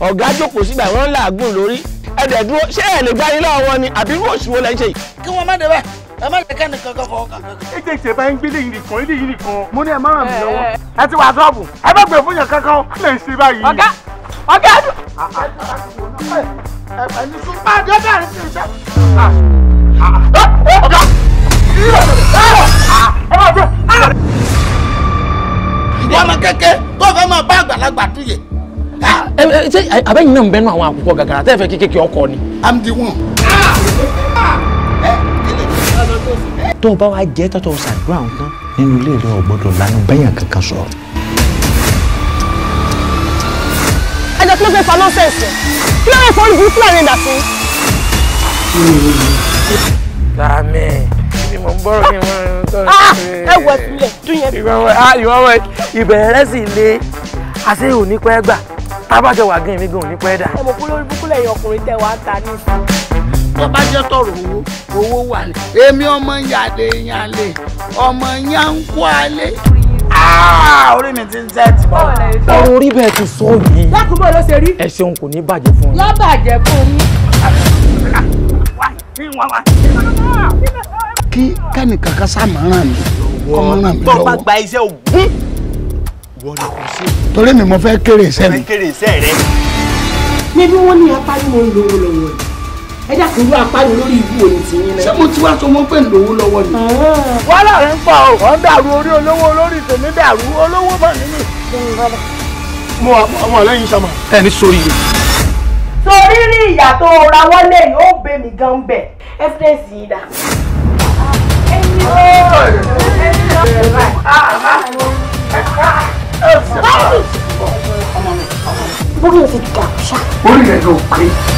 ọ̀gá jókòó sígbà wọn làágùn lórí ẹ̀dẹ̀ dúró ṣé ẹ̀ lè gbá ilé ọwọ́ ni àbí irú òṣùwò lẹ́ ṣe yìí. kí wọ́n má débẹ̀ ẹ má dẹ̀kẹ́ nìkan kan fọwọ́ kan. ètò ìṣèbá ń gbélé yìí nìkan ilé nìkan mo ní ẹ má ràn mí lọ́wọ́. ẹ ti wà sọ́ọ̀bù ẹ bá gbé fún kankan kí lè ṣe báyìí. ọ̀gá ọ̀gá ẹ̀dùn. ẹ̀ẹ́dì sùn máa dé bẹ́ẹ̀ ní iṣẹ́. ọ̀gá ẹ má gbé. ìwọ ọmọ kékeré tó fẹ́ máa bá àgbàlagbà túyè ṣé abẹ́yìn náà ń bẹ́nu àwọn àkókò gàgàrà tẹ́ fẹ́ kékeré ọkọ ni. i'm the one. tó o bá wa jẹ́ tọ́tọ̀ ṣàdúrà nǹkan nínú ilé rẹ ò gbọ́dọ̀ lanu bẹ́yàn kankan sọ̀rọ̀. ẹ̀jẹ̀ kí ló fẹ́ fa nọ́ọ̀sẹ̀sì kí ló fẹ́ fọ́ ibi fúlà rẹ̀ dà sí. dàmí ni mo ń bọ̀rọ̀ ni mo ń tọ́ ẹ wọ ẹ sílẹ̀ dún yẹn. Ah, ìwọ wọ sì le àṣẹ òní pẹ́ gbà tábàjọ wà gan èmi gan ò ní pẹ́ dà. ẹ mọ̀ kó ọkùnrin tẹ wàá ta ní ìsìn. tó bá jẹ́ tọ̀rọ̀ owó owó wà lẹ̀ èmi ọmọ yàlẹ̀ yàlẹ̀ ọmọ yankú alẹ́. Ah, orí mi ti ń tẹ́ ti bọ̀. ọ̀rọ̀ orí bẹ́ẹ̀ ti sọ yìí. lákùúgbò ló ṣe rí. ẹ kò ní bàjẹ́ fún yín. lọ́bàjẹ́ fún mi. kí kẹ́nìkan kan sá máa ràn mí kọ́ lọ́wọ́. tó bá gba iṣẹ́ ògún ìwọ ni kò sí. torí mi mo fẹ́ kéré iṣẹ́ mi. mo fẹ́ kéré iṣẹ́ rẹ. níbi wọn ní apárí lówó lọ́wọ́ ni ẹ dákun ló apárí ìlú òní ti yín náà. ṣé mo ti wá sọ wọn pé lówó lọ́wọ́ ni. wàhálà rẹ ń pa ọ̀rọ̀ ń dàrú orí olówó olórí tèmi dàrú olówó bọ̀ nínú ìṣòro mo àwọn ọ̀lẹ́yìn sọmọ. ẹ ní sórí yìí. torí rí ìyà tó yóò 我给你顶上。